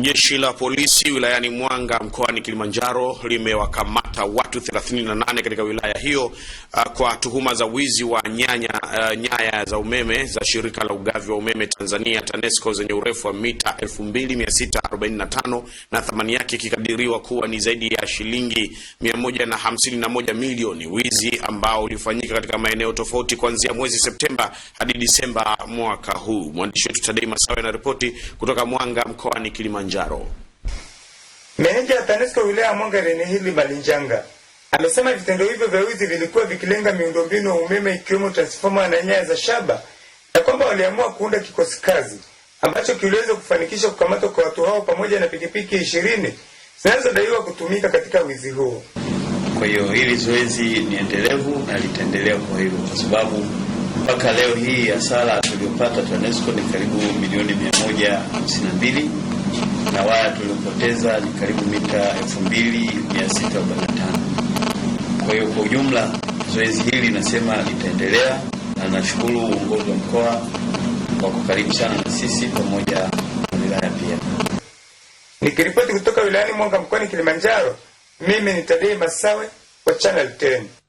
Jeshi la polisi wilayani Mwanga mkoani Kilimanjaro limewakamata watu 38 katika wilaya hiyo uh, kwa tuhuma za wizi wa nyanya, uh, nyaya za umeme za shirika la ugavi wa umeme Tanzania TANESCO zenye urefu wa mita 2645 na thamani yake ikikadiriwa kuwa ni zaidi ya shilingi 151 milioni, wizi ambao ulifanyika katika maeneo tofauti kuanzia mwezi Septemba hadi Disemba mwaka huu. Mwandishi wetu Tadei Masawe anaripoti kutoka Mwanga mkoani Kilimanjaro. Kilimanjaro. Meneja ya TANESCO wilaya ya Mwanga Hili Malinjanga amesema vitendo hivyo vya wizi vilikuwa vikilenga miundombinu ya umeme ikiwemo transfoma na nyaya za shaba na kwamba waliamua kuunda kikosi kazi ambacho kiliweza kufanikisha kukamatwa kwa watu hao pamoja na pikipiki ishirini zinazodaiwa kutumika katika wizi huo. Kwa hiyo hili zoezi ni endelevu na litaendelea kwa hivyo, kwa sababu mpaka leo hii hasara tuliyopata TANESCO ni karibu milioni mia moja hamsini na mbili na waya tuliopoteza ni karibu mita 2645. Kwa hiyo kwa ujumla zoezi hili nasema litaendelea, na nashukuru uongozi wa mkoa wako karibu sana na sisi pamoja na wilaya pia. Nikiripoti kutoka wilayani Mwanga mkoani Kilimanjaro, mimi ni Tadei Masawe wa Channel 10.